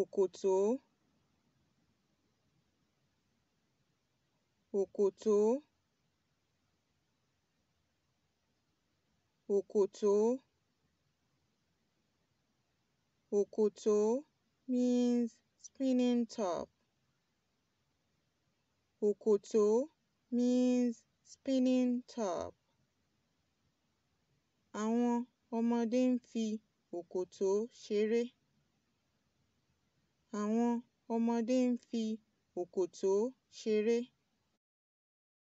Okoto, Okoto, Okoto, Okoto means spinning top Okoto means spinning top àwọn ọmọdé ń fi Okoto, ṣeré àwọn ọmọdé ń fi òkòtó ṣeré